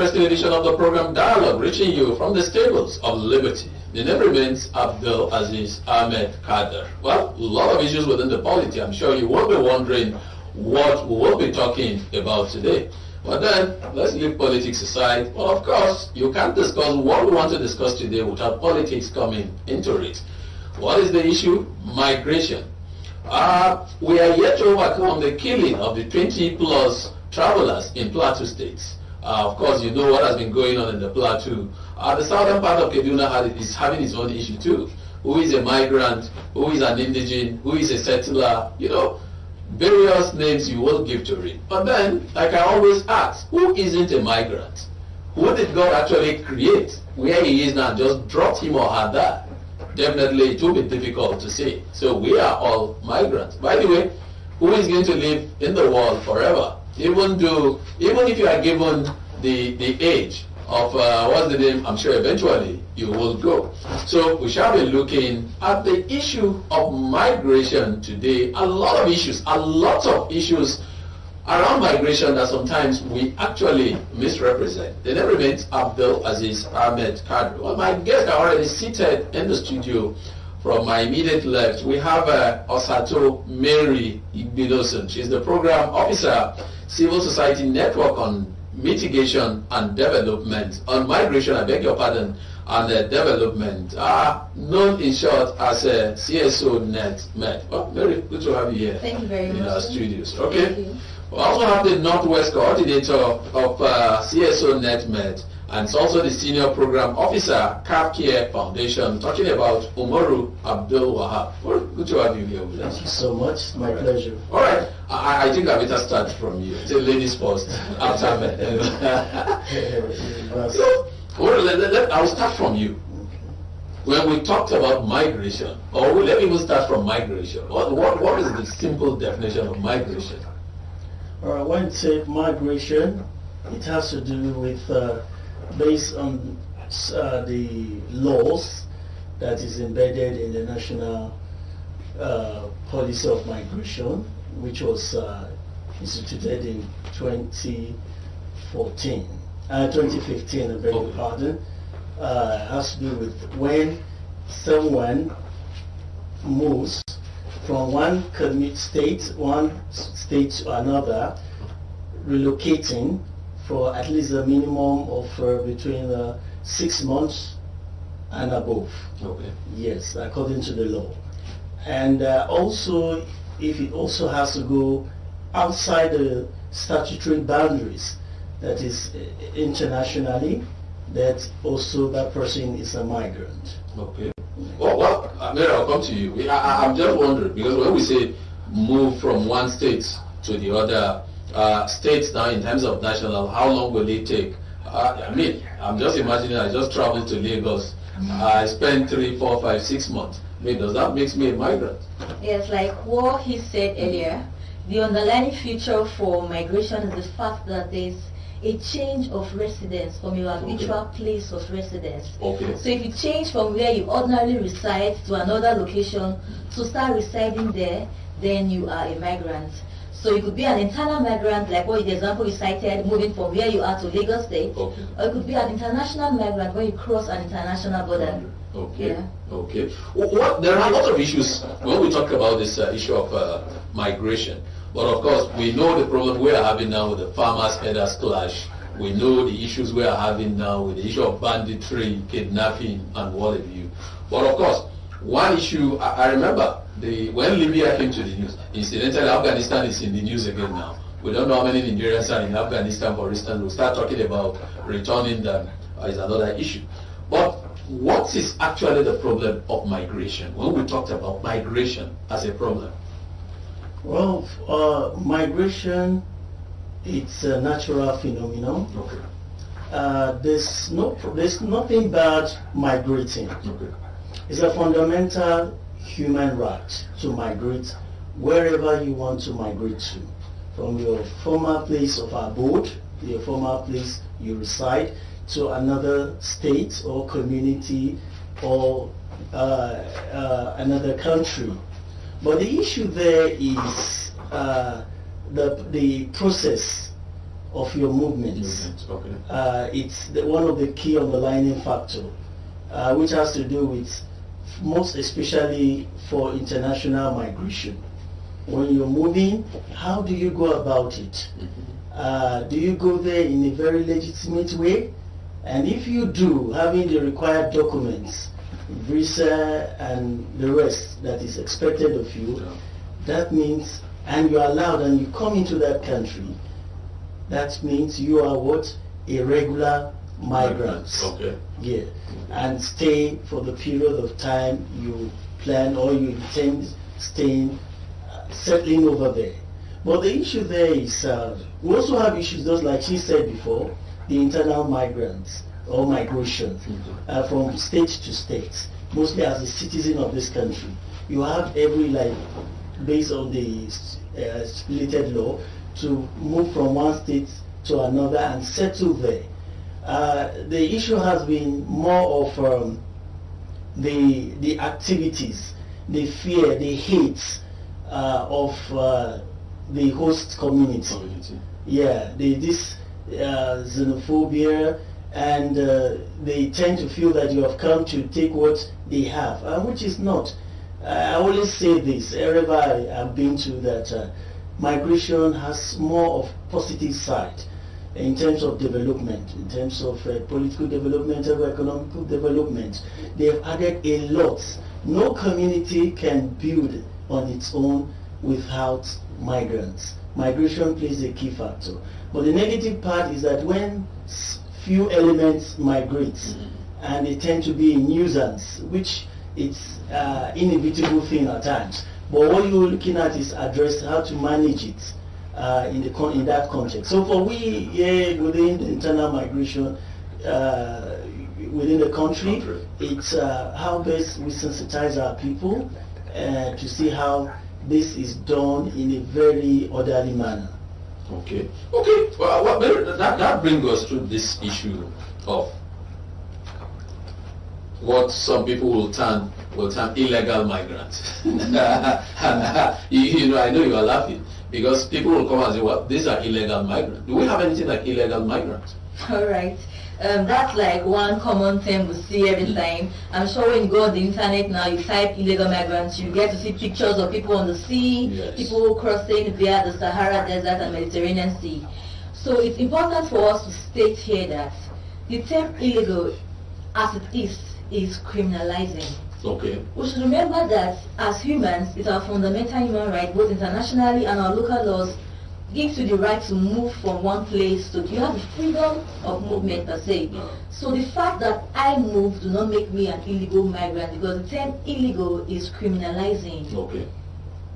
First edition of the program Dialogue reaching you from the stables of liberty. The name remains Abdul Aziz Ahmed Kader. Well, a lot of issues within the polity. I'm sure you will be wondering what we will be talking about today. But then, let's leave politics aside. Well, of course, you can't discuss what we want to discuss today without politics coming into it. What is the issue? Migration. Uh, we are yet to overcome the killing of the 20 plus travelers in Plateau states. Uh, of course, you know what has been going on in the plateau. Uh, the southern part of Kaduna is having its own issue too. Who is a migrant? Who is an indigent? Who is a settler? You know, various names you will give to it. But then, like I always ask, who isn't a migrant? Who did God actually create where he is now? Just dropped him or her Definitely, it will be difficult to say. So we are all migrants. By the way, who is going to live in the world forever? Even though, even if you are given the, the age of, uh, what's the name, I'm sure eventually you will go. So we shall be looking at the issue of migration today. A lot of issues, a lot of issues around migration that sometimes we actually misrepresent. The name remains Abdul Aziz Ahmed Kadri. Well, my guests are already seated in the studio. From my immediate left, we have uh, Osato Mary Igbidosun. She's the program officer Civil Society Network on Mitigation and Development, on Migration, I beg your pardon, and uh, Development, uh, known in short as uh, CSO Net. Met. Well, oh, very good to have you here Thank you very in much. our studios. Okay. We also have the Northwest Coordinator of uh, CSO Net Met. and it's also the Senior Program Officer, CAF Care Foundation, talking about Umaru Abdul Wahab. good to have you here with us. Thank you so much. My All right. pleasure. All right. I, I, think I better start from you. ladies first. after so, well, let, let, I'll start from you. When we talked about migration, or let me even start from migration. What, what, what is the simple definition of migration? All right, when you say migration, it has to do with uh, based on uh, the laws that is embedded in the national uh, policy of migration, which was uh, instituted in 2014, uh, 2015, I beg your pardon, uh, has to do with when someone moves from one commit state, one state to another, relocating for at least a minimum of uh, between uh, six months and above. Okay. Yes, according to the law. And uh, also, if it also has to go outside the statutory boundaries, that is internationally, that also that person is a migrant. Okay. Well, well Mary, I'll come to you. I, am just wondering because when we say move from one state to the other, uh, states now in terms of national, how long will it take? Uh, I mean, I'm just imagining I just traveled to Lagos. Mm-hmm. I spent three, four, five, six months. I mean, does that make me a migrant? Yes, like what he said earlier, the underlying feature for migration is the fact that there's a change of residence from your habitual okay. place of residence. Okay. So if you change from where you ordinarily reside to another location to start residing there, then you are a migrant. So it could be an internal migrant, like what oh, the example you cited, moving from where you are to Lagos State, okay. or it could be an international migrant when you cross an international border. Okay. Yeah. Okay. Well, what, there are a lot of issues when we talk about this uh, issue of uh, migration. But of course, we know the problem we are having now with the farmers' herders clash. We know the issues we are having now with the issue of banditry, kidnapping, and what have you. But of course, one issue, I, I remember, the, when Libya came to the news, incidentally, Afghanistan is in the news again now. We don't know how many Nigerians are in Afghanistan, for instance. We'll start talking about returning them is another issue. But what is actually the problem of migration? When we talked about migration as a problem. Well, uh, migration, it's a natural phenomenon. Okay. Uh, there's no, there's nothing bad migrating. Okay. It's a fundamental human right to migrate wherever you want to migrate to, from your former place of abode, your former place you reside, to another state or community or uh, uh, another country. But the issue there is uh, the, the process of your movements. Movement, okay. Uh, it's the, one of the key underlying factors, uh, which has to do with most especially for international migration. When you're moving, how do you go about it? Mm-hmm. Uh, do you go there in a very legitimate way? And if you do, having the required documents, visa and the rest that is expected of you, that means, and you're allowed and you come into that country, that means you are what? A regular migrants. Okay. Yeah. And stay for the period of time you plan or you intend staying, uh, settling over there. But the issue there is uh, we also have issues just like she said before, the internal migrants or migration uh, from state to state, mostly as a citizen of this country. You have every like based on the uh, stipulated law to move from one state to another and settle there. Uh, the issue has been more of um, the the activities, the fear, the hate uh, of uh, the host community. community. Yeah, the, this uh, xenophobia, and uh, they tend to feel that you have come to take what they have, which is not. I always say this, wherever I've been to, that migration has more of positive side in terms of development, in terms of uh, political development, economic development. They've added a lot. No community can build on its own without migrants. Migration plays a key factor. But the negative part is that when few elements migrate, and they tend to be a nuisance, which it's uh, inevitable thing at times. But what you're looking at is address how to manage it uh, in, the in that context. So for we yeah, within internal migration, uh, within the country, it's uh, how best we sensitize our people uh, to see how this is done in a very orderly manner. Okay. Okay. Well, well, that, that brings us to this issue of what some people will term will term illegal migrants. and, uh, you, you know, I know you are laughing, because people will come and say, well, these are illegal migrants. Do we have anything like illegal migrants? All right. Um, that's like one common thing we see every time. I'm sure when you go on the internet now, you type illegal migrants, you get to see pictures of people on the sea, yes. people crossing via the Sahara Desert and Mediterranean Sea. So it's important for us to state here that the term illegal, as it is, is criminalizing. Okay. We should remember that as humans, it's our fundamental human right, both internationally and our local laws, gives you the right to move from one place to you have the freedom of movement per se. So the fact that I move do not make me an illegal migrant because the term illegal is criminalizing. Okay.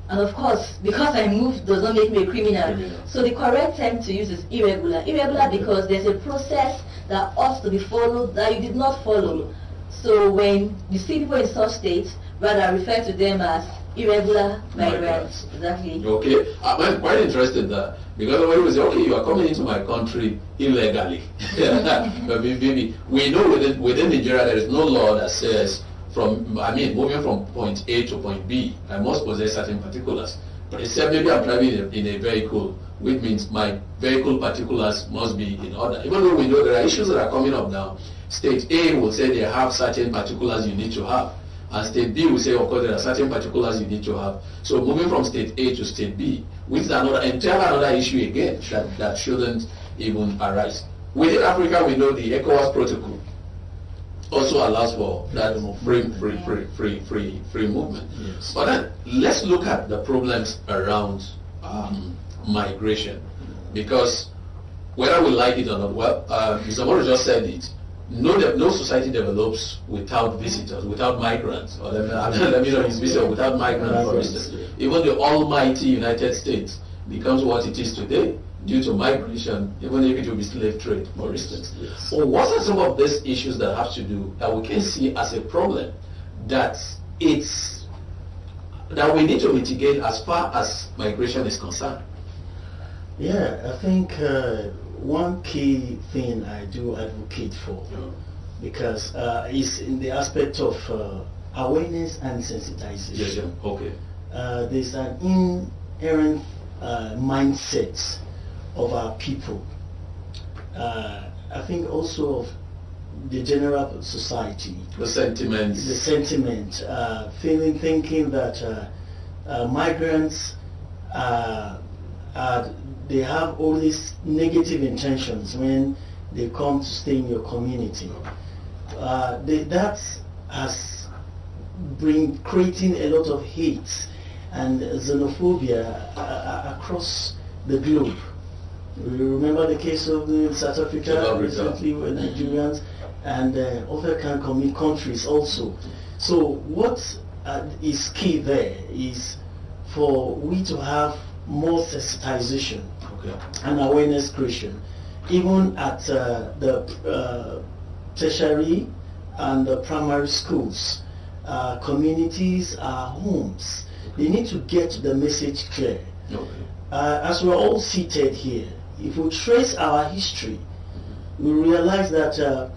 And of course, because I move does not make me a criminal. Yeah. So the correct term to use is irregular. Irregular okay. because there's a process that ought to be followed that you did not follow. So when you see people in such states, rather refer to them as irregular migrants. Exactly. Okay, uh, I'm quite interested that because when will say, okay, you are coming into my country illegally. but maybe we know within, within Nigeria there is no law that says from, I mean, moving from point A to point B, I must possess certain particulars. But except maybe I'm driving in a, in a vehicle, which means my vehicle particulars must be in order. Even though we know there are issues that are coming up now, State A will say they have certain particulars you need to have. And state B will say, of oh course, there are certain particulars you need to have. So moving from state A to state B, which is another entire another issue again that, that shouldn't even arise. Within Africa, we know the ECOWAS protocol also allows for that free, free, free, free, free, free movement. Yes. But then let's look at the problems around um, migration, because whether we like it or not, well, uh, Mr. Moro just said it no, no society develops without visitors, without migrants, or let me, know his without migrants, for instance. Even the almighty United States becomes what it is today due to migration, even if it will be slave trade, for instance. So what are some of these issues that have to do, that we can see as a problem, that it's, that we need to mitigate as far as migration is concerned? Yeah, I think uh, one key thing I do advocate for, because uh, it's in the aspect of uh, awareness and sensitization. Yeah, yeah. Okay. Uh, there's an inherent uh, mindset of our people. Uh, I think also of the general society. The sentiment. The sentiment. Uh, feeling, thinking that migrants are they have all these negative intentions when they come to stay in your community. Uh, they, that has been creating a lot of hate and xenophobia uh, uh across the globe. We remember the case of the South Africa recently with Nigerians and uh, other countries also. So what uh, is key there is for we to have more sensitization yeah. an awareness creation, even at uh, the uh, tertiary and the primary schools, uh, communities, our homes. They need to get the message clear. Okay. Uh, as we're all seated here, if we trace our history, we realize that uh,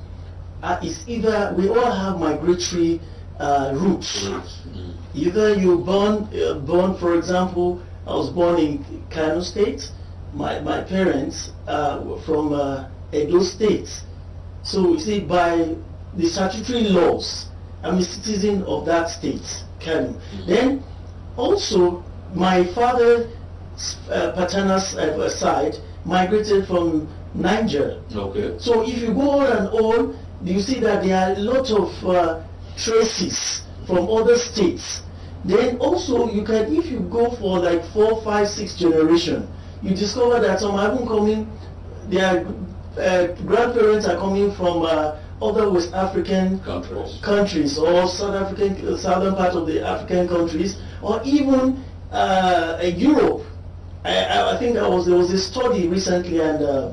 it's either we all have migratory uh, roots. Mm. Either you born, uh, born, for example, I was born in Kano State, my, my parents uh, were from uh, Edo State. So you see, by the statutory laws, I'm a citizen of that state, Kenya. Mm -hmm. Then also, my father, uh, paternal uh, side, migrated from Niger. Okay. So if you go on and on, you see that there are a lot of uh, traces from other states. Then also, you can, if you go for like four, five, six generation, you discover that some haven't come in, their uh, grandparents are coming from uh, other West African countries. countries or South African, southern part of the African countries, or even uh, Europe. I, I, think there was, there was a study recently and uh,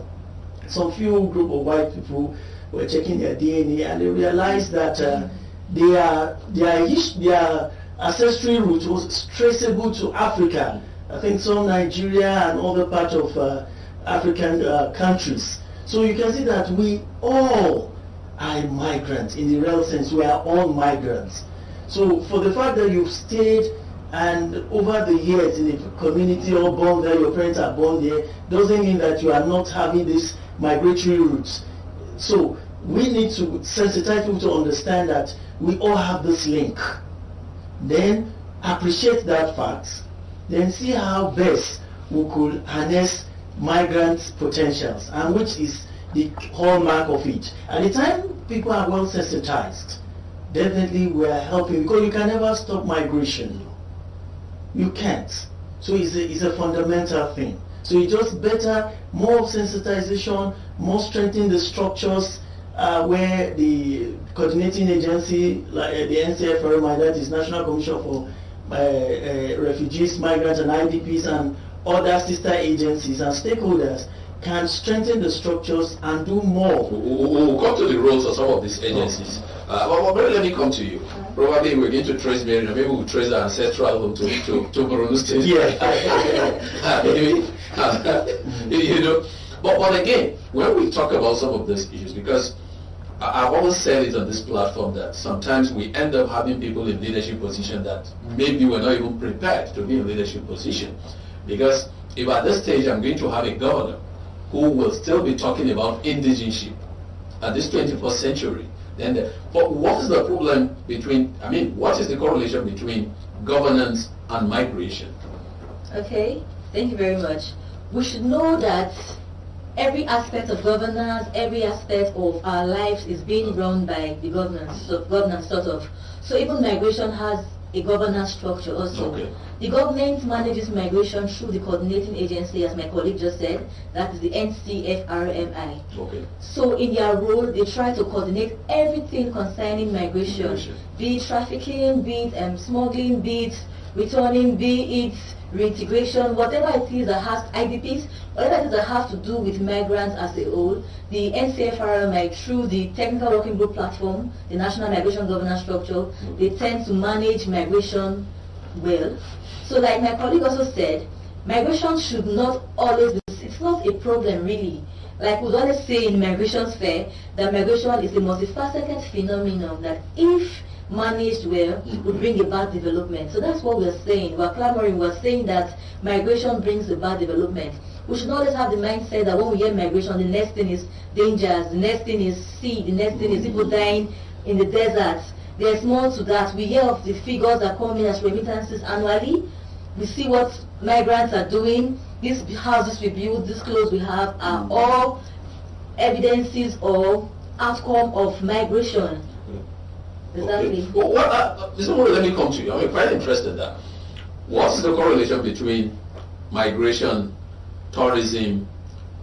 some few group of white people were checking their DNA and they realized that uh, their, their, their ancestry route was traceable to Africa. I think some Nigeria and other parts of uh, African uh, countries. So you can see that we all are migrants in the real sense. We are all migrants. So for the fact that you've stayed and over the years in the community or born there, your parents are born there, doesn't mean that you are not having these migratory roots. So we need to sensitize people to understand that we all have this link. Then appreciate that fact then see how best we could harness migrants' potentials, and which is the hallmark of it. At the time people are well sensitized, definitely we are helping because you can never stop migration. You can't. So it's a, it's a fundamental thing. So it's just better, more sensitization, more strengthening the structures uh, where the coordinating agency, like uh, the NCFRMI, that is National Commission for uh, uh, refugees, migrants and IDPs and other sister agencies and stakeholders can strengthen the structures and do more. We'll come to the roles of some of these agencies. Uh, well, well, let me come to you. Probably we're going to trace Mary, maybe we'll trace our ancestral home to, to, to State. Yeah. Uh, you know, but, but again, when we talk about some of these issues, because I've always said it on this platform that sometimes we end up having people in leadership position that maybe we're not even prepared to be in leadership position. Because if at this stage I'm going to have a governor who will still be talking about indigenship at this 21st century, then the, but what is the problem between, I mean, what is the correlation between governance and migration? Okay, thank you very much. We should know that every aspect of governance, every aspect of our lives is being run by the governance, so governance sort of. So even migration has a governance structure also. Okay. The government manages migration through the coordinating agency, as my colleague just said, that is the NCFRMI. Okay. So in their role, they try to coordinate everything concerning migration, migration. be it trafficking, be it um, smuggling, be it returning, be it reintegration, whatever it is that has IDPs, whatever it is that has to do with migrants as a whole, the NCFRMI through the technical working group platform, the National Migration Governance Structure, they tend to manage migration well. So like my colleague also said, migration should not always be, it's not a problem really. Like we always say in migration sphere, that migration is the most fascinating phenomenon that if managed well, would bring about development. So that's what we're saying. We're clamoring. We're saying that migration brings about development. We should always have the mindset that when we hear migration, the next thing is dangers, the next thing is sea, the next thing is people dying in the deserts. There's more to that. We hear of the figures that come in as remittances annually. We see what migrants are doing. These houses we build, these clothes we have are all evidences or outcome of migration. Okay. Well, what uh, uh, are, Mr. let me come to you. I'm quite interested in that. What's the correlation between migration, tourism,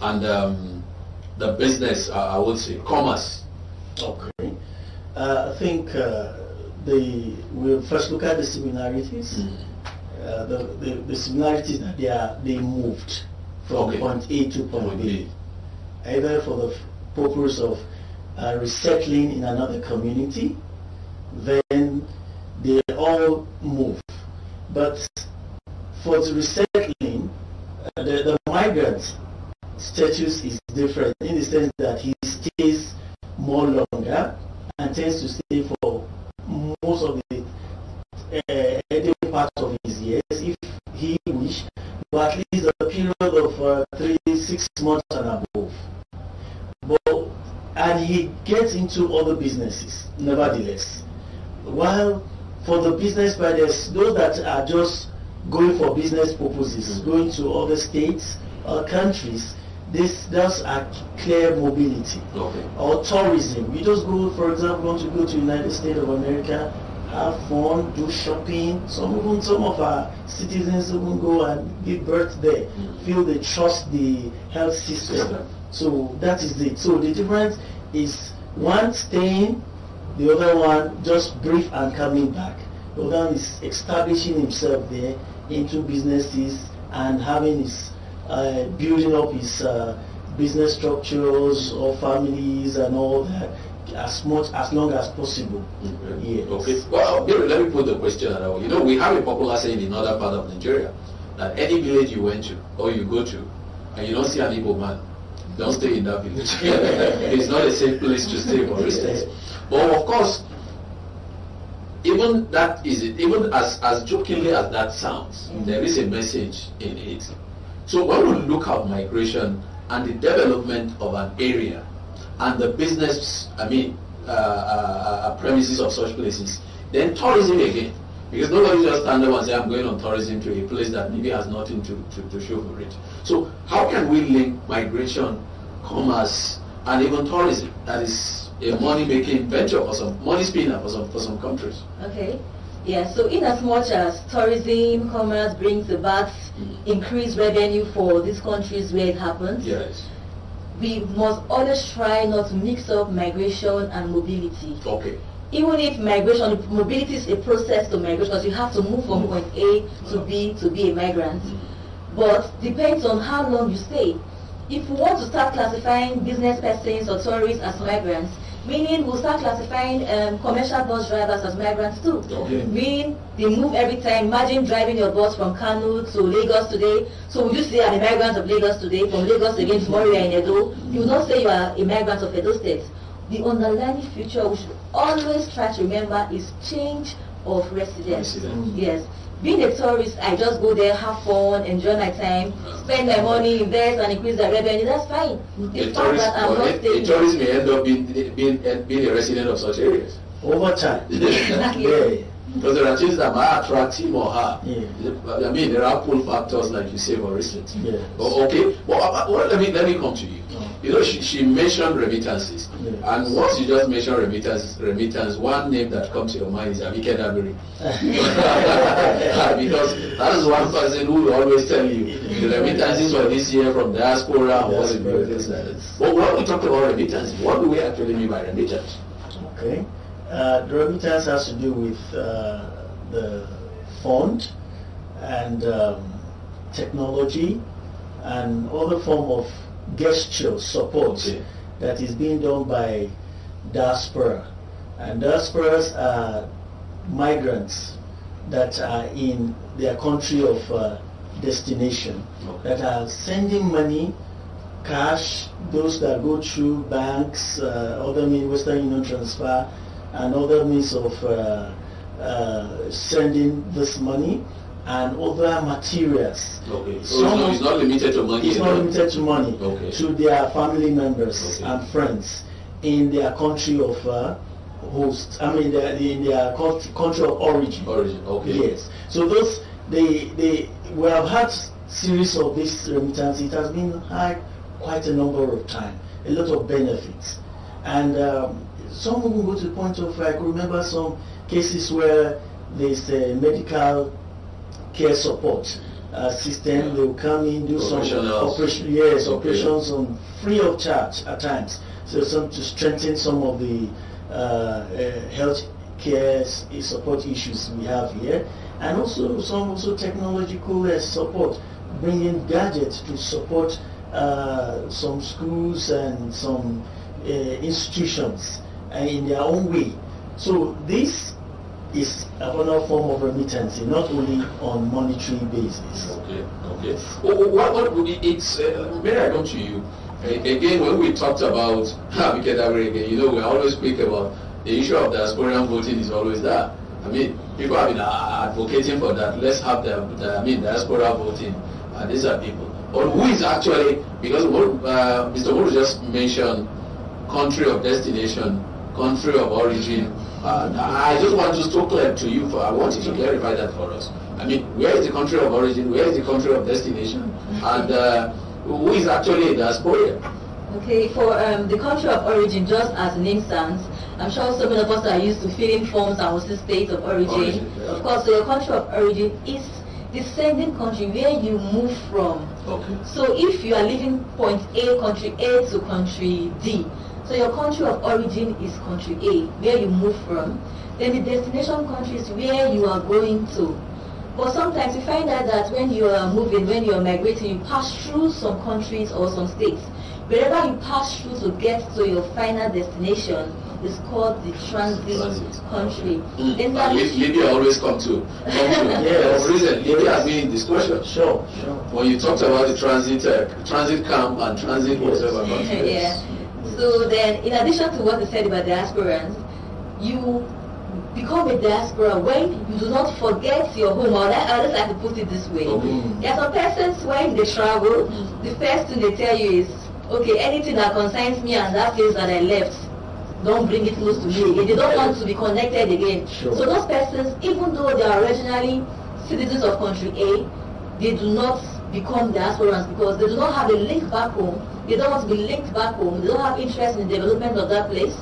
and um, the business, uh, I would say, commerce? Okay. Uh, I think uh, the, we'll first look at the similarities. Mm. Uh, the, the, the similarities that they are they moved from okay. point A to point okay. B, either for the purpose of uh, resettling in another community then they all move. But for the resettling, uh, the, the migrant status is different in the sense that he stays more longer and tends to stay for most of the uh, part of his years if he wish, but at least a period of uh, three, six months and above. But, and he gets into other businesses, nevertheless. While for the business buyers, those that are just going for business purposes, mm. going to other states or countries, this does a clear mobility okay. or tourism. You just go, for example, want to go to United States of America, have fun, do shopping. Some even some of our citizens even go and give birth there, mm. feel they trust the health system. system. So that is it. So the difference is one staying the other one, just brief and coming back. The other one is establishing himself there into businesses and having his, uh, building up his uh, business structures or families and all that as much as long as possible. Mm Yes. Okay. Well, here, let me put the question around. You know, we have a popular saying in other part of Nigeria that any village you went to or you go to and you don't see an evil man, don't stay in that village. it's not a safe place to stay, for instance. But of course, even that is it, even as, as jokingly as that sounds, mm -hmm. there is a message in it. So when we look at migration and the development of an area and the business, I mean, uh, uh, uh, premises of such places, then tourism again. Because nobody just stand up and say, I'm going on tourism to a place that maybe has nothing to, to, to show for it. So how can we link migration commerce, and even tourism. That is a money-making venture for some, money spinner for some, for some countries. Okay. Yeah, so in as much as tourism, commerce brings about mm. increased revenue for these countries where it happens, yes. we must always try not to mix up migration and mobility. Okay. Even if migration, mobility is a process to migration because you have to move from mm. point A to B to be a migrant. Mm. But depends on how long you stay. If we want to start classifying business persons or tourists as migrants, meaning we'll start classifying um, commercial bus drivers as migrants too. Okay. Meaning they move every time. Imagine driving your bus from Kanu to Lagos today. So would you say are the migrants of Lagos today? From Lagos again tomorrow you're in Edo. You will not say you are a migrant of Edo State. The underlying future we should always try to remember is change of residence. residence. Yes. Being a tourist, I just go there, have fun, enjoy my time, spend my money, invest, and increase the revenue. That's fine. The a tourist, that I'm not a, a tourist may end up being, being, being a resident of such areas. Over time. exactly. Yeah. Because there are things that might attract him or her. Yeah. I mean, there are pull factors, like you say, for instance. Yes. okay, well, uh, uh, well, let me let me come to you you know, she, she mentioned remittances. Yes. And once you just mention remittances, remittance, one name that comes to your mind is Abike Dabiri. because that is one person who will always tell you the remittances for this year from diaspora and what's things But when we talk about remittances? what do we actually mean by remittance? Okay. Uh, the remittance has to do with uh, the fund and um, technology and other form of gesture support okay. that is being done by diaspora. And diasporas are migrants that are in their country of uh, destination okay. that are sending money, cash, those that go through banks, uh, other means, Western Union transfer, and other means of uh, uh sending this money and other materials. Okay. So Some, it's not limited to money. It's not limited to money. Okay. To their family members okay. and friends in their country of uh, host. I mean, their, in their country of origin. Origin. Okay. Yes. So those they they we have had series of this remittance. It has been had quite a number of times. A lot of benefits, and um, some will go to the point of I could remember some cases where there's a medical care support uh, system. They will come in, do some operations, yes, okay. operations on free of charge at times. So some to strengthen some of the uh, uh, health care support issues we have here, and also some also technological uh, support, bringing gadgets to support uh, some schools and some uh, institutions in their own way. So this is another form of remittance, not only on monetary basis. Okay, okay. Well, what, what would it, it's, uh, may I come to you? again, when we talked about Abiketawere ah, again, you know, we always speak about the issue of diasporian voting is always there. I mean, people have been ah, advocating for that. Let's have the, the I mean, diaspora voting. these are people. But who is actually, because what, uh, Mr. Wood just mentioned country of destination, country of origin, I just want to throw to you for I want you to clarify that for us. I mean, where is the country of origin? Where is the country of destination? And uh, who is actually the diaspora? Okay, for um, the country of origin, just as name stands, I'm sure so many of us are used to filling forms and also state of origin. origin yeah. Of course, so your country of origin is the sending country where you move from. Okay. So if you are leaving point A, country A to country D, so your country of origin is country A, where you move from. Then the destination country is where you are going to. But sometimes you find out that when you are moving, when you are migrating, you pass through some countries or some states. Wherever you pass through to get to your final destination, is called the transit, transit. country. Mm. Uh, Libya always come to, come to yes. reason. Libya has been in discussion. Sure, sure. When you talked about the transit, uh, transit camp and transit yes. whatever. Yes. Yeah. So then, in addition to what is said about diasporans, you become a diaspora when you do not forget your home, or that others like to put it this way. Mm. There are some persons when they travel, the first thing they tell you is, okay, anything that concerns me and that place that I left, don't bring it close to me again. They don't want to be connected again. Sure. So those persons, even though they are originally citizens of country A, they do not become diasporans because they do not have a link back home they don't want to be linked back home. They don't have interest in the development of that place.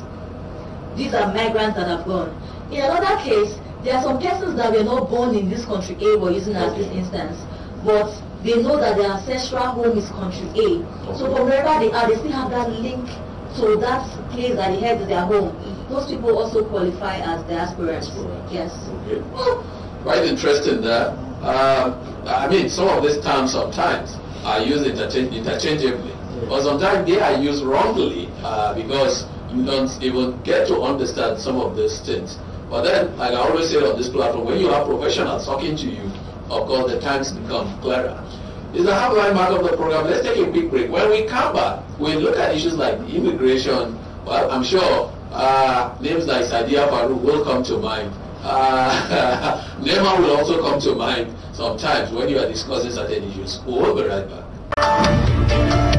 These are migrants that have gone. In another case, there are some persons that were not born in this country A we're using as this instance, but they know that their ancestral home is country A. So from wherever they are, they still have that link to that place that they had their home. Those people also qualify as diasporans. Yes. Okay. Well, quite interesting there. Uh, I mean, some of these terms sometimes are used interchange interchangeably. But sometimes they are used wrongly uh, because you don't even get to understand some of these things. But then, like I always say on this platform, when you have professionals talking to you, of course the times become clearer. Is the halfway mark of the program. Let's take a quick break. When we come back, we look at issues like immigration. Well, I'm sure uh, names like Sadia Farouk will come to mind. Uh, Neymar will also come to mind sometimes when you are discussing certain issues. We'll be right back.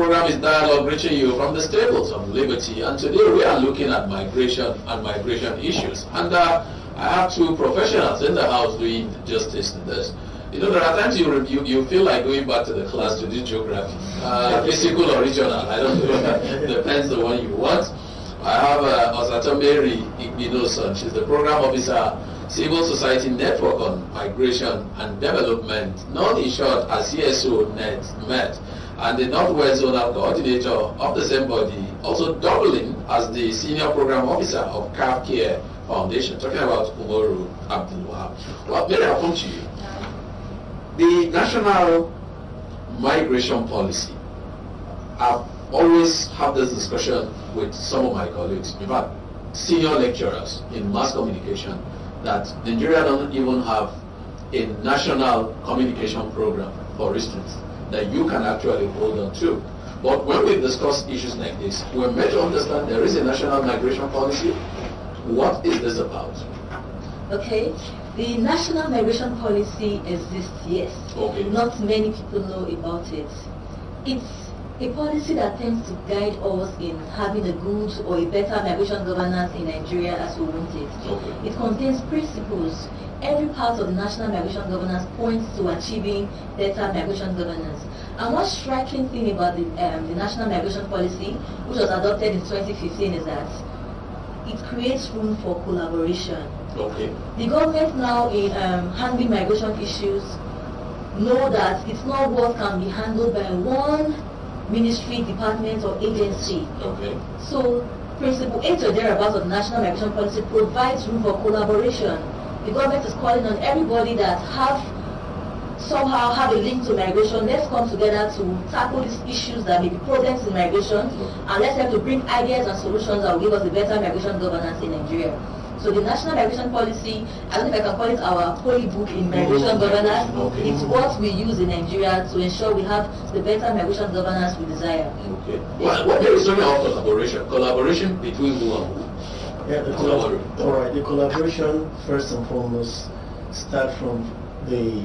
program is Dialogue reaching you from the stables of liberty. And today we are looking at migration and migration issues. And uh, I have two professionals in the house doing justice to this. You know, there are times you, you, you feel like going back to the class to do geography, uh, physical or regional. I don't know. Depends the one you want. I have uh, Osatomberi Igbinoson. She's the program officer, Civil Society Network on Migration and Development, known in short as CSO Net, Met and the Northwest Zonal Coordinator of the same body, also doubling as the Senior Program Officer of CAF Care Foundation, talking about Umoru Abdul Wahab. Well, Mary, i come to you. The National Migration Policy, I've always had this discussion with some of my colleagues, in fact, senior lecturers in mass communication, that Nigeria doesn't even have a national communication program for instance that you can actually hold on to. But when we discuss issues like this, we're made to understand there is a national migration policy. What is this about? Okay, the national migration policy exists, yes. Okay. Not many people know about it. It's a policy that tends to guide us in having a good or a better migration governance in Nigeria as we want it. Okay. It contains principles. Every part of the national migration governance points to achieving better migration governance. And one striking thing about the, um, the national migration policy, which was adopted in 2015, is that it creates room for collaboration. Okay. The government now in um, handling migration issues know that it's not what can be handled by one ministry, department, or agency. Okay. So Principle 8 or thereabouts of the National Migration Policy provides room for collaboration. The government is calling on everybody that have somehow have a link to migration. Let's come together to tackle these issues that may be problems in migration and let's help to bring ideas and solutions that will give us a better migration governance in Nigeria. So the National Migration Policy, I don't know if I can call it our holy book in migration governance. Okay. It's what we use in Nigeria to ensure we have the better migration governance we desire. Okay. Well, what there is something about collaboration. Collaboration between who and who? Yeah, the collab- all right. The collaboration first and foremost start from the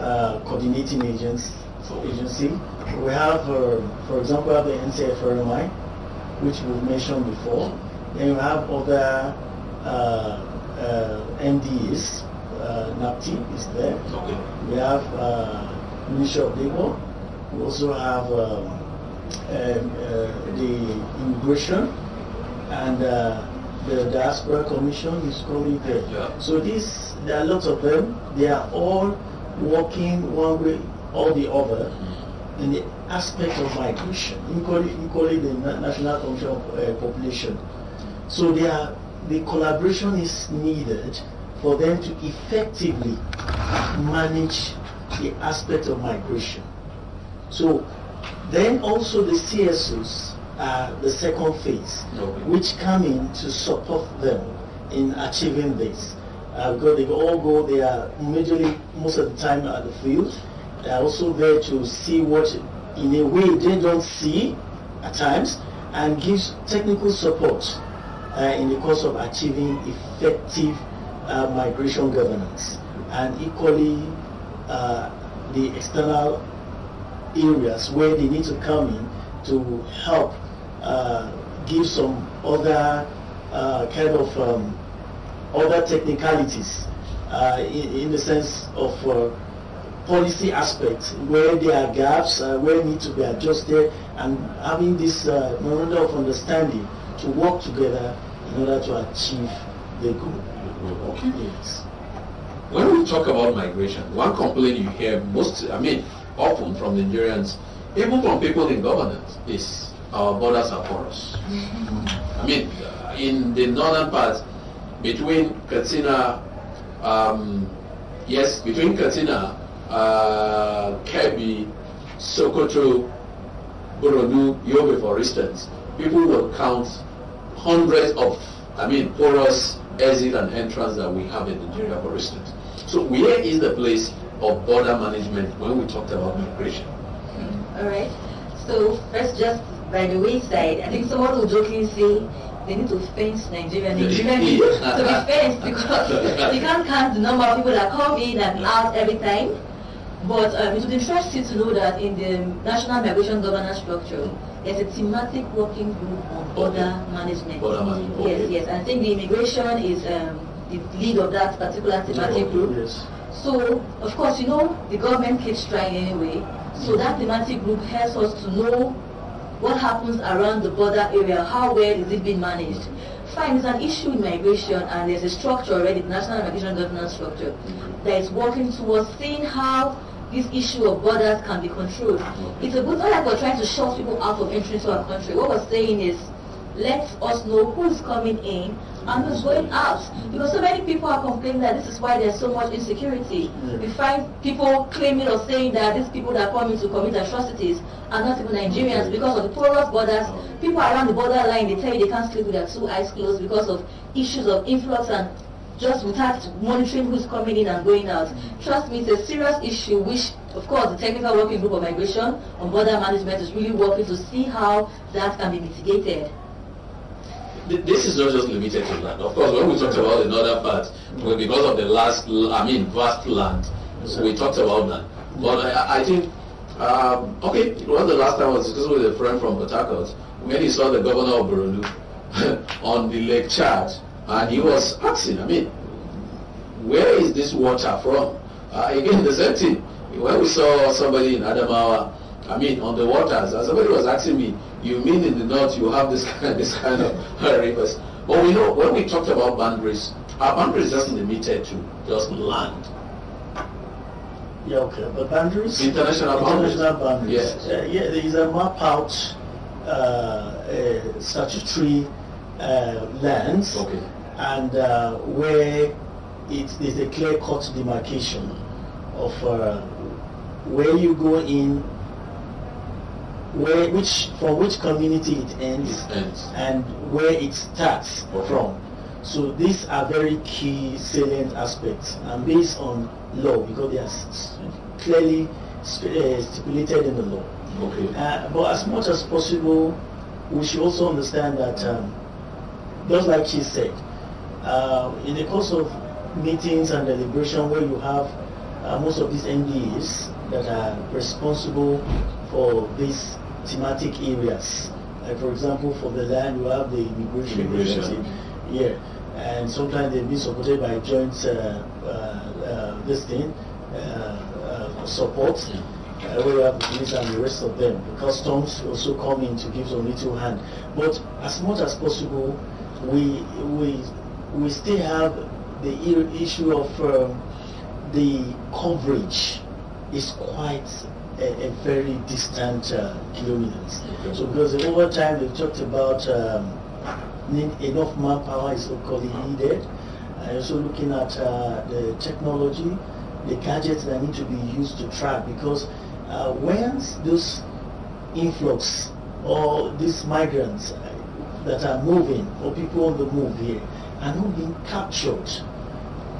uh, coordinating agents agency. We have, uh, for example, the NCFRMI, which we've mentioned before. Then we have other MD uh, uh, is, uh, NAPTI is there. Okay. We have uh, Ministry of Labour. We also have um, um, the immigration and the diaspora commission is coming there. Yeah. So this, there are lots of them. They are all working one way or the other mm-hmm. in the aspect of migration, including, including the National Commission of uh, Population. So they are the collaboration is needed for them to effectively manage the aspect of migration. So then also the CSOs are the second phase, which come in to support them in achieving this. Uh, because they all go, they are majorly, most of the time at the field. They are also there to see what, in a way, they don't see at times, and gives technical support uh, in the course of achieving effective uh, migration governance and equally uh, the external areas where they need to come in to help uh, give some other uh, kind of um, other technicalities uh, in, in, the sense of policy aspects where there are gaps, uh, where need to be adjusted, and having this uh, memorandum of understanding to work together in order to achieve the goal mm-hmm. Okay. Yes. When we talk about migration, one complaint you hear most, I mean, often from Nigerians, even from people in governance, is our borders are porous. Mm-hmm. I mean, uh, in the northern part, between Katsina, um, yes, between Katsina, uh, Sokoto, Burundu, Yobe, for instance, people will count hundreds of, I mean, porous exit and entrance that we have in Nigeria, for instance. So where is the place of border management when we talked about migration? All right. So first, just by the wayside, I think someone will jokingly say they need to fence Nigeria. Nigeria needs to be fenced because you can't count the number of people that come in and out every time. But um, it would interest you to know that in the National Migration Governance Structure, there's a thematic working group on border management. Border Yes, okay. yes. I think the immigration is um, the lead of that particular thematic group. Yes. So, of course, you know, the government keeps trying anyway. So mm. that thematic group helps us to know what happens around the border area, how well is it being managed. Fine, it's an issue in migration and there's a structure already, the National Migration Governance Structure, mm-hmm. that is working towards seeing how this issue of borders can be controlled. It's a good, not like we're trying to shut people out of entering to our country. What we're saying is, let us know who's coming in and who's going out. Because so many people are complaining that this is why there's so much insecurity. We find people claiming or saying that these people that come in to commit atrocities are not even Nigerians because of the porous borders. People around the borderline, they tell you they can't sleep with their two eyes closed because of issues of influx and just without monitoring who's coming in and going out. Trust me, it's a serious issue which, of course, the technical working group of migration on border management is really working to see how that can be mitigated. This is not just limited to land. Of course, when we talked about another part, because of the last, I mean, vast land, so we talked about that. But I, I think, um, okay, when the last time I was discussing with a friend from Port when he saw the governor of Burundi on the Lake Chad, and he was asking, I mean, where is this water from? Uh, again, the same thing. When we saw somebody in Adamawa, I mean, on the waters, somebody was asking me, you mean in the north you have this kind, this kind of rivers? But we know, when we talked about boundaries, our boundaries does not limited to just land. Yeah, okay. But boundaries? International boundaries. International boundaries. Yes. Uh, yeah, there is a map out uh, uh, statutory uh, lands okay and uh, where it is a clear-cut demarcation of uh, where you go in, where which from which community it ends, it ends. and where it starts okay. from. So these are very key salient aspects, and based on law because they are clearly uh, stipulated in the law. Okay. Uh, but as much as possible, we should also understand that, um, just like she said, uh, in the course of meetings and deliberation where you have uh, most of these NDAs that are responsible for these thematic areas. Like for example, for the land you have the immigration, immigration. yeah, and sometimes they will be supported by joint uh, uh, uh this thing uh, support. Yeah. Uh, where you have the police and the rest of them. The customs also come in to give some little hand. But as much as possible, we we we still have the issue of um, the coverage is quite a, a very distant uh, kilometers. Okay. So because over time they talked about um, enough manpower is locally needed. And also looking at uh, the technology, the gadgets that need to be used to track because uh, once those influx or these migrants that are moving or people on the move here, are not being captured,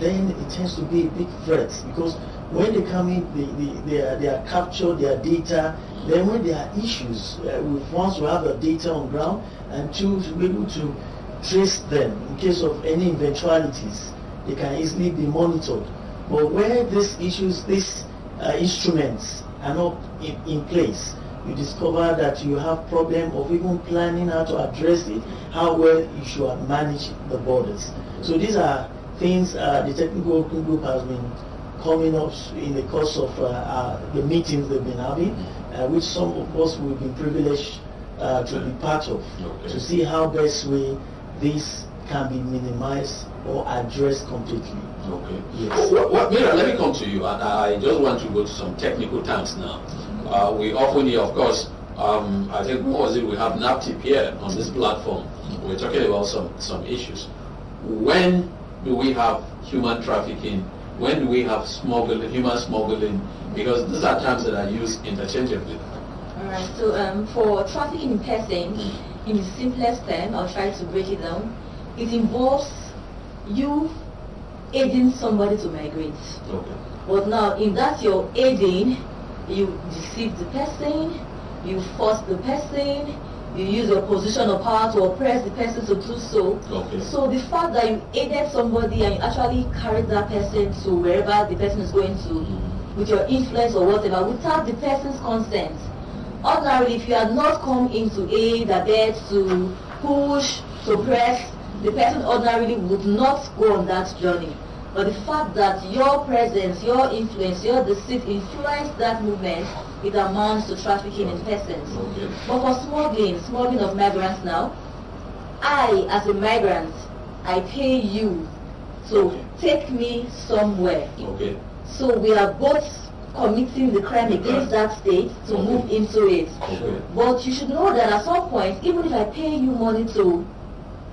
then it tends to be a big threat because when they come in, they, they, they, are, they are captured, their data. Then when there are issues, uh, we want to have the data on ground and two, to be able to trace them in case of any eventualities. They can easily be monitored. But where these issues, these uh, instruments are not in, in place, you discover that you have problem of even planning how to address it, how well you should manage the borders. So these are things uh, the technical working group has been coming up in the course of uh, uh, the meetings they've been having, uh, which some of us will be privileged uh, to be part of, okay. to see how best we this can be minimized or addressed completely. Okay. Yes. Well, oh, well, Mira, let me come to you. I, I just want to go to some technical terms now. Uh, we often of course, um, I think what was it? We have NAPTIP here on this platform. We're talking about some, some issues. When do we have human trafficking? When do we have smuggling, human smuggling? Because these are terms that are used interchangeably. All right. So um, for trafficking in person, in the simplest term, I'll try to break it down. It involves you aiding somebody to migrate. Okay. But now, if that's your aiding, you deceive the person, you force the person, you use your position of power to oppress the person to do so. Okay. So the fact that you aided somebody and you actually carried that person to wherever the person is going to mm. with your influence or whatever without the person's consent. Ordinarily, if you had not come in to aid, abet, to push, to press, the person ordinarily would not go on that journey. But the fact that your presence, your influence, your deceit influenced that movement, it amounts to trafficking in persons. But for smuggling, smuggling of migrants now, I, as a migrant, I pay you to take me somewhere. Okay. So we are both committing the crime against that state to okay. move into it. Okay. But you should know that at some point, even if I pay you money to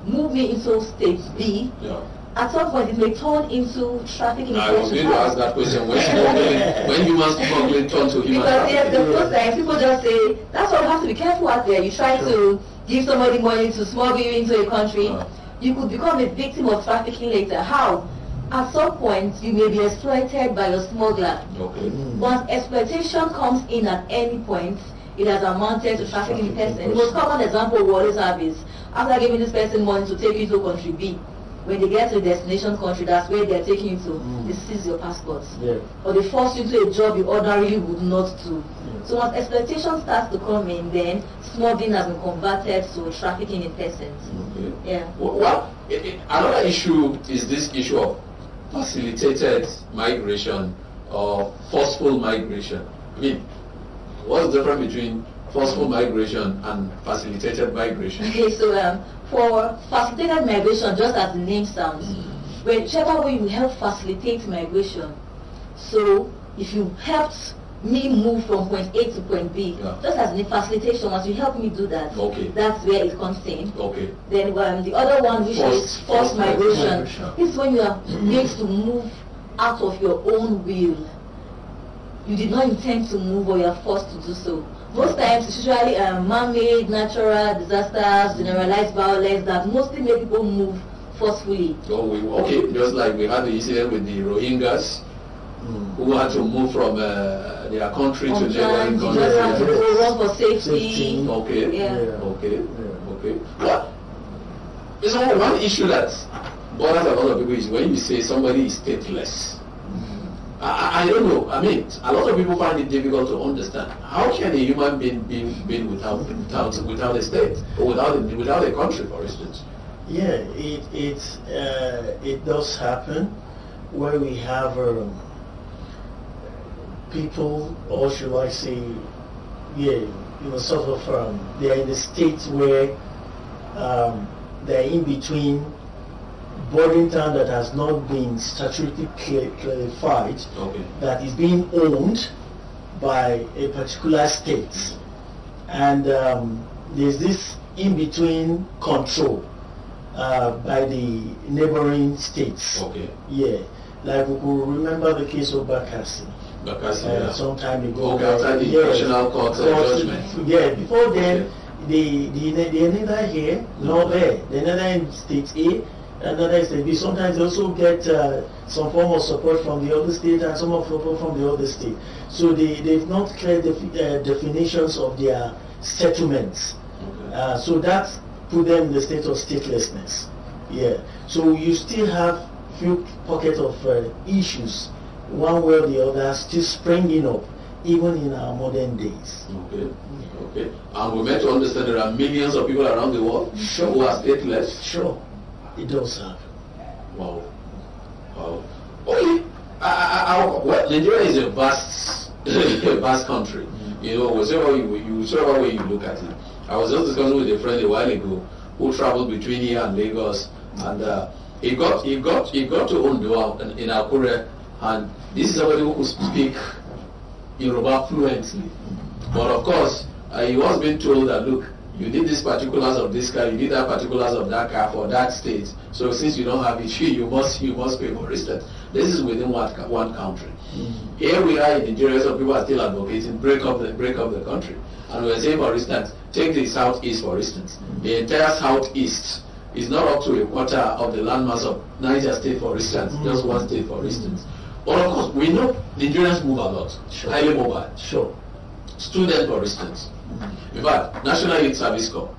move me into state B, yeah at some point it may turn into trafficking. I was going to ask that question when humans when human smuggling turn to human trafficking. Because yes, the first time people just say that's why you have to be careful out there. You try sure. to give somebody money to smuggle you into a country, uh. you could become a victim of trafficking later. How? At some point you may be exploited by your smuggler. Okay. Once exploitation comes in at any point, it has amounted to trafficking person. The most common example was service. After giving this person money to take you to country B, when they get to a destination country, that's where they're taking you to. Mm. They seize your passport. Yeah. Or they force you to a job you ordinarily would not do. Yeah. So once exploitation starts to come in, then smuggling has been converted to trafficking in persons. Okay. Yeah. Well, well eh, eh, another issue is this issue of facilitated migration or forceful migration. I mean, what's the difference between forceful migration and facilitated migration? Okay, so um, for facilitated migration, just as the name sounds, whichever way you help facilitate migration. So if you helped me move from point A to point B, yeah. just as in facilitation, once you help me do that, okay. that's where it comes in. Okay. Then um, the other one, which forced, is forced, forced migration, migration, is when you are made to move out of your own will. You did not intend to move or you are forced to do so most times it's usually um, man-made, natural disasters, generalized violence that mostly make people move forcefully. Oh, we, okay, just like we had the incident with the Rohingyas mm. who had to move from uh, their country On to neighboring countries. Yes. To run for safety. safety. Okay. Yeah. yeah. Okay. Yeah. Okay. Well, it's one issue that bothers a lot of people is when you say somebody is stateless. I, I, don't know. I mean, a lot of people find it difficult to understand. How can a human being be, be without without without a state or without a, without a country, for instance? Yeah, it it uh, it does happen where we have um, people, or should I say, yeah, you know, suffer from. they are in the state where um, they are in between boarding town that has not been statutorily clarified, okay. that is being owned by a particular state. And um, there's this in-between control uh, by the neighboring states. Okay. Yeah. Like we could remember the case of Bakassi. Bakassi, uh, yeah. Some time ago. Okay, after the yes, National Court Judgment. Yeah, before then, the the the they neither here nor there. The neither in state A and the they state. We sometimes also get uh, some form of support from the other state and some of support from the other state. So they, they've not clear the uh, definitions of their settlements. Okay. Uh, so that put them in the state of statelessness. Yeah. So you still have few pockets of uh, issues, one way or the other, still springing up even in our modern days. Okay. Okay. And we meant to understand there are millions of people around the world sure. who are stateless. Sure it does have. Wow. Wow. Okay. I, I, I, well, Nigeria is a vast, a vast country. Mm. You know, whichever you, whichever way you look at it. I was just discussing with a friend a while ago who traveled between here and Lagos, and uh, he got he got he got to Ondo in, in Akure, and this is somebody who could speak Yoruba fluently. But of course, uh, he was being told that look, you need these particulars of this car, you need that particulars of that car for that state. So since you don't have it, you must you must pay for instance. This is within one, one country. Mm -hmm. Here we are in Nigeria, some people are still advocating break up the break up the country. And we're saying for instance, take the southeast for instance. Mm -hmm. The entire southeast is not up to a quarter of the landmass of Niger State for instance, mm -hmm. just one state for instance. But of course we know Nigerians move a lot, sure. highly mobile. Sure. Students for instance in fact, National Youth Service Corps.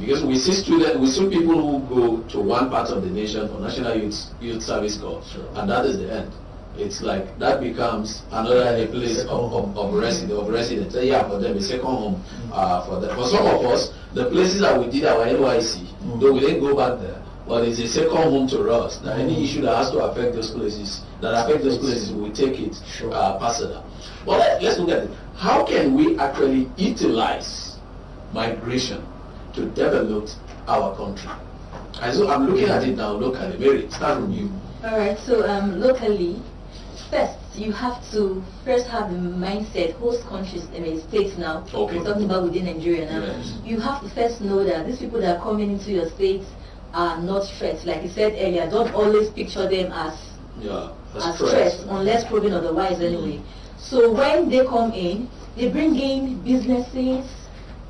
Because we see students, we see people who go to one part of the nation for National Youth, Youth Service Corps, sure. and that is the end. It's like that becomes another place of, of, of, residence. Of residence. Yeah, for them, a second home. Mm. Uh, for, them. for some of us, the places that we did our NYC, mm. though we didn't go back there, but it's a second home to us. Now, any mm. issue that has to affect those places, that affect those places, we take it sure. uh, personal. Well, let, us look at it how can we actually utilize migration to develop our country? And so I'm looking at it now locally. Mary, start from you. All right. So um, locally, first you have to first have the mindset. Host countries, I mean states now. Okay. We're talking about within Nigeria now. Yes. You have to first know that these people that are coming into your states are not threats. Like I said earlier, don't always picture them as yeah, as threats, unless proven otherwise. Anyway. Mm. So when they come in, they bring in businesses,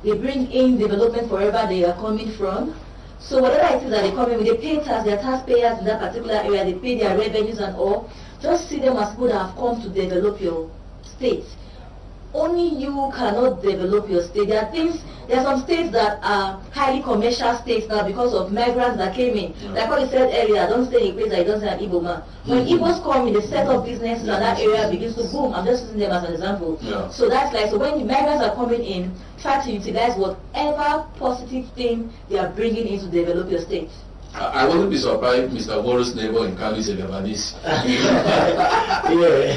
they bring in development wherever they are coming from. So whatever it is that they come in with, they pay tax, their taxpayers in that particular area, they pay their revenues and all. Just see them as people that have come to develop your state only you cannot develop your state. There are things, there are some states that are highly commercial states now because of migrants that came in. Mm. Like what you said earlier, I don't stay in a place that do not have Igbo man. When mm -hmm. come in, they set up businesses and that area begins to boom. I'm just using them as an example. Yeah. So that's like, so when the migrants are coming in, try to utilize whatever positive thing they are bringing in to develop your state. I wouldn't be surprised Mr. Boris' neighbor in Kano is a Lebanese. yeah.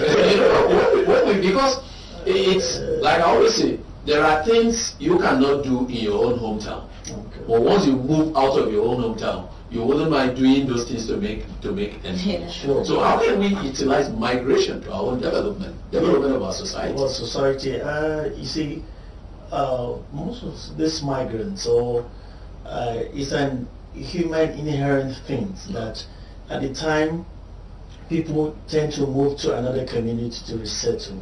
because it's like I always say, there are things you cannot do in your own hometown. Okay. But once you move out of your own hometown, you wouldn't mind doing those things to make to make ends meet. Yeah. Sure. So how can we utilize migration to our own development, development yeah. of our society? Well, society. Uh, you see, uh, most of these migrants, or uh, it's an human inherent thing that at the time people tend to move to another community to resettle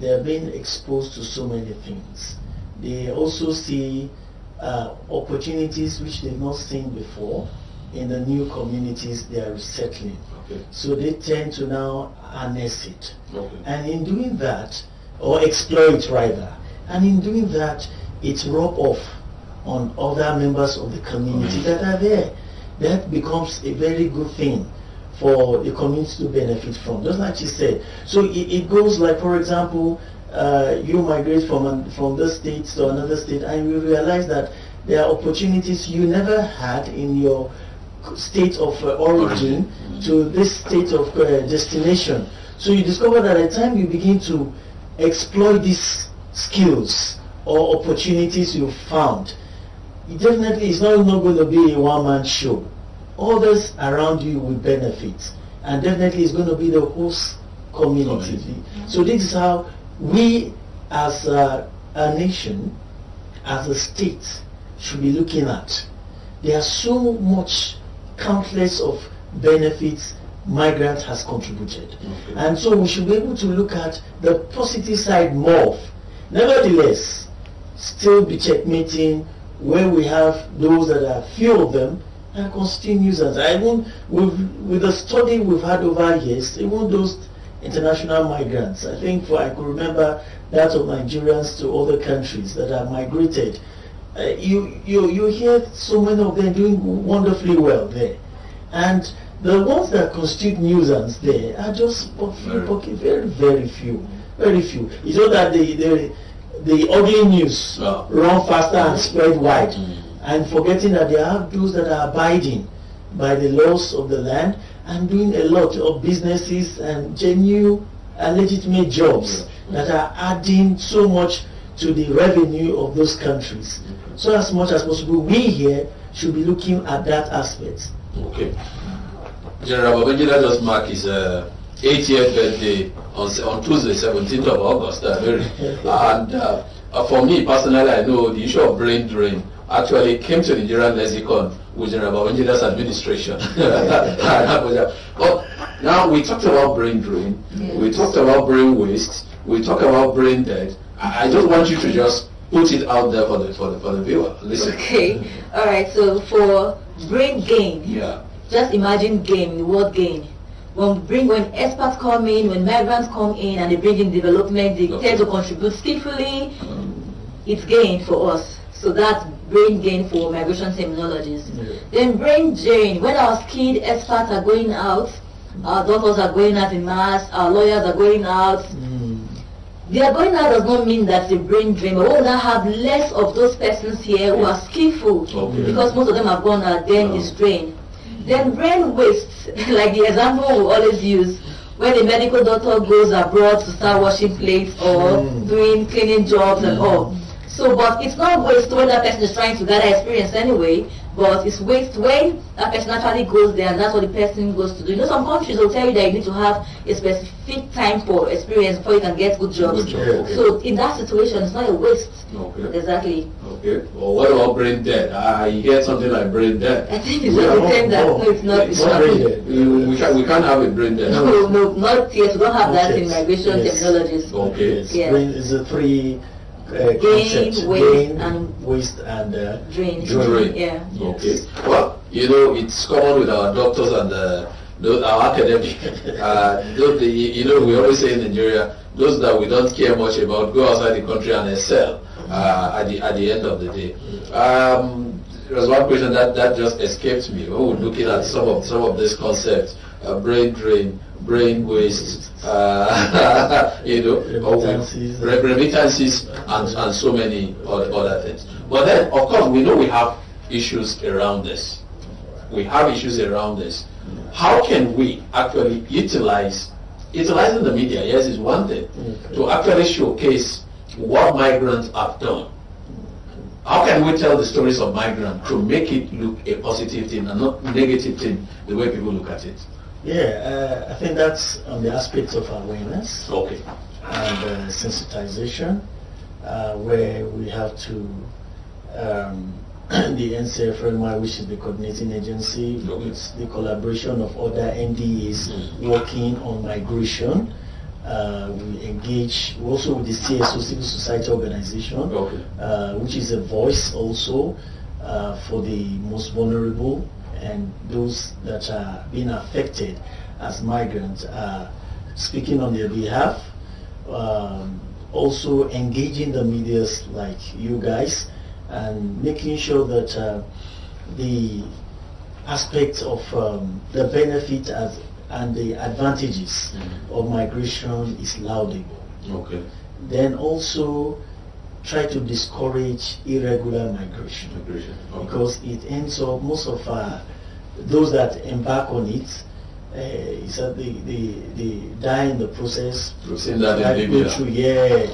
they are being exposed to so many things. They also see uh, opportunities which they've not seen before in the new communities they are resettling. Okay. So they tend to now harness it. Okay. And in doing that, or exploit rather, and in doing that, it rub off on other members of the community mm-hmm. that are there. That becomes a very good thing for the community to benefit from, just like she said. So it, it goes like, for example, uh, you migrate from, an, from this state to another state and you realize that there are opportunities you never had in your state of uh, origin to this state of uh, destination. So you discover that at the time you begin to exploit these skills or opportunities you found, it definitely it's not, not going to be a one-man show others around you will benefit. And definitely it's going to be the host community. So this is how we as a, a nation, as a state, should be looking at. There are so much countless of benefits migrants has contributed. Okay. And so we should be able to look at the positive side more. Nevertheless, still be checkmating where we have those that are few of them and constant users. even with, with the study we've had over years, even those international migrants, I think for, I could remember that of Nigerians to other countries that have migrated. Uh, you, you, you hear so many of them doing wonderfully well there. And the ones that constitute nuisance there are just a few very, very few, very few. It's not that the, the, the ugly news no. run faster and spread wide. Mm and forgetting that there are those that are abiding by the laws of the land and doing a lot of businesses and genuine and legitimate jobs that are adding so much to the revenue of those countries. So as much as possible, we here should be looking at that aspect. Okay. General Babangida just marked his uh, 80th birthday on, on Tuesday, 17th of August. Uh, and uh, uh, for me personally, I know the issue of brain drain actually came to Nigerian lexicon with General Babangida's administration. now we talked about brain drain, yes. we talked about brain waste, we talked about brain dead. I just want you to just put it out there for the for the, for the viewer. Listen. Okay. All right. So for brain gain. Yeah. Just imagine gain. The word gain. When bring when experts come in, when migrants come in, and they bring in development, they okay. tend to contribute skillfully. it's gain for us. So that's Brain drain for migration terminologies. Yeah. Then Brain drain. when our skilled experts are going out, our uh, doctors are going out in mass, our uh, lawyers are going out. Hmm. They are going out does not mean that the brain drain, but we will now have less of those persons here who are skillful okay. because most of them have gone out, then is drained. Then brain waste, like the example we always use, when the medical doctor goes abroad to start washing plates or mm. doing cleaning jobs mm. and hmm. all so, but it's not waste when that person is trying to gather experience anyway, but it's waste when that person actually goes there and that's what the person goes to do. You know, some countries will tell you that you need to have a specific time for experience before you can get good jobs. Good job, okay. So, in that situation, it's not a waste. Okay. Exactly. Okay. Well, what about brain dead? I ah, hear ah, something like brain dead. I think it's not brain dead. No, it's not. It's, not brain dead. We, can't, we can't have a brain dead. No, no, not yet. We don't have not that yet. in migration yes. technologies. Okay. Yes. Brain is a three uh, gain, waste, and, waste and uh, drain. drain. Yeah. Okay. Well, you know, it's common with our doctors and uh, our academic. Uh, you know, we always say in Nigeria, those that we don't care much about go outside the country and excel uh, at the at the end of the day. Um, there was one question that, that just escaped me. We were looking at some of some of these concepts, uh, brain drain brain waste, uh, you know, remittances, remittances and, and so many other things. But then, of course, we know we have issues around this. We have issues around this. How can we actually utilize, utilizing the media, yes, is one thing, to actually showcase what migrants have done. How can we tell the stories of migrants to make it look a positive thing and not negative thing the way people look at it? Yeah, uh, I think that's on the aspects of awareness. Okay. And uh, sensitization, uh, where we have to, um, the NCFRMI, which is the coordinating agency, okay. it's the collaboration of other NDAs mm. working on migration. Uh, we engage also with the CSO, Civil Society Organization, okay. Uh, which is a voice also uh, for the most vulnerable and those that are being affected as migrants are speaking on their behalf, um, also engaging the medias like you guys and making sure that uh, the aspects of um, the benefit as, and the advantages mm -hmm. of migration is laudable. Okay. Then also try to discourage irregular migration, migration. Okay. because it ends up most of uh, those that embark on it uh, is that they, they, they die in the process. Process that they go through, yeah.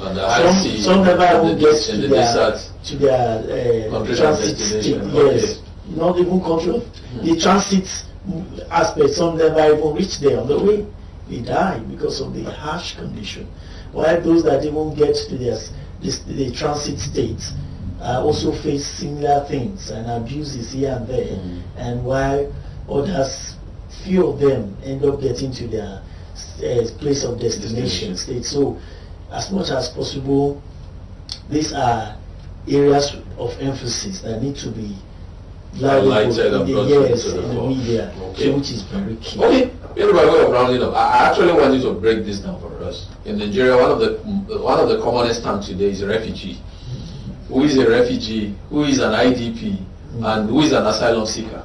Some, some never even get to the their, desert. to their uh, transit, yes. Okay. Not even control. Hmm. The transit aspect, some never even reach there on the way. They die because of the harsh condition. While those that even get to their the transit states uh, also face similar things and abuses here and there, mm. and why others, few of them end up getting to their uh, place of destination state. So as much as possible, these are areas of emphasis that need to be highlighted in the, in the media, okay. which is very key. Okay you way of rounding up, I actually want you to break this down for us. In Nigeria, one of the one of the commonest terms today is refugee. Who is a refugee? Who is an IDP? And who is an asylum seeker?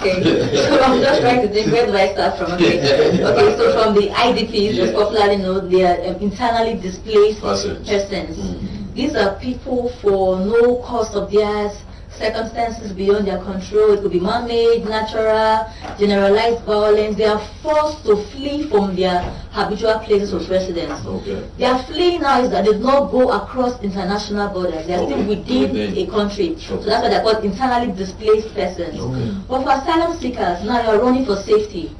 Okay, so I'm just trying to think where do I start from? Okay, okay so from the IDPs, yeah. popularly known, they are um, internally displaced persons. persons. Mm -hmm. These are people for no cost of theirs circumstances beyond their control. It could be man-made, natural, generalized violence. They are forced to flee from their habitual places of residence. Okay. They are fleeing now is that they do not go across international borders. They are okay. still within okay. a country. Okay. So that's why they're called internally displaced persons. But for asylum seekers, now you are running for safety.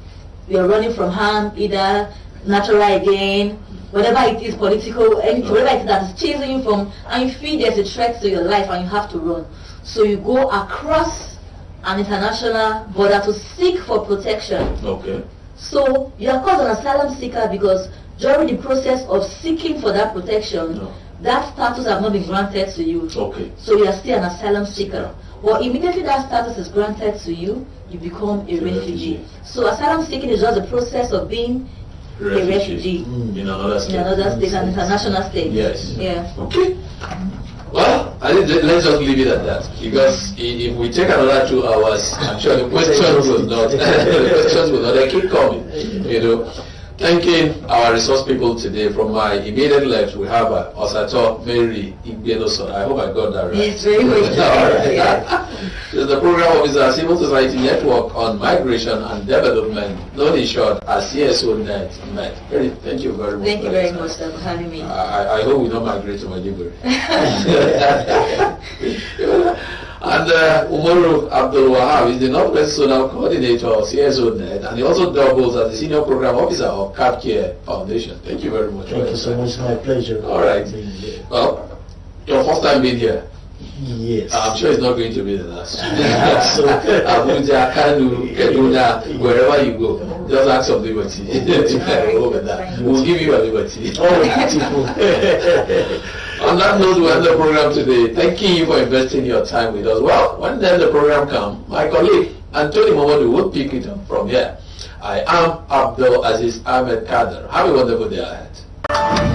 You are running from harm, either natural again, whatever it is, political, anything, whatever it is that is chasing you from, and you feel there's a threat to your life and you have to run. So you go across an international border to seek for protection. Okay. So you are called an asylum seeker because during the process of seeking for that protection, no. that status has not been granted to you. Okay. So you are still an asylum seeker. Well, immediately that status is granted to you, you become a, a refugee. refugee. So asylum seeking is just the process of being refugee. a refugee mm. in another state, in another state, an international state. Yes. Yeah. Okay. Well, I think let's just leave it at that because if we take another two hours, I'm sure the questions will not the questions will not they keep coming, you know. Thanking our resource people today, from my immediate left, we have uh, Osato Mary Igbenoson. I hope I got that right. Yes, very well. right. yeah. She's the program officer, Civil Society Network on Migration and Development, known in short as CSO Net. Met. thank you very much. Thank you very much for having me. I, I hope we don't migrate to Maiduguri. And uh, Umaru Abdul Wahab is the Northwest Sudan Coordinator of CSONet, and he also doubles as the Senior Program Officer of CapCare Foundation. Thank you very much. Thank you so much. My pleasure. All right. Well, your first time being here. Yes. I'm sure it's not going to be the last. so, Abuja, Kanu, Kaduna, wherever you go, just ask of liberty. Over that. We'll give you a liberty. Oh, beautiful. On that note, we end the program today. Thanking you for investing your time with us. Well, when the end the program comes, my colleague Anthony Momodu will pick it up from here. I am Abdul Aziz Ahmed Kader. Have a wonderful day ahead.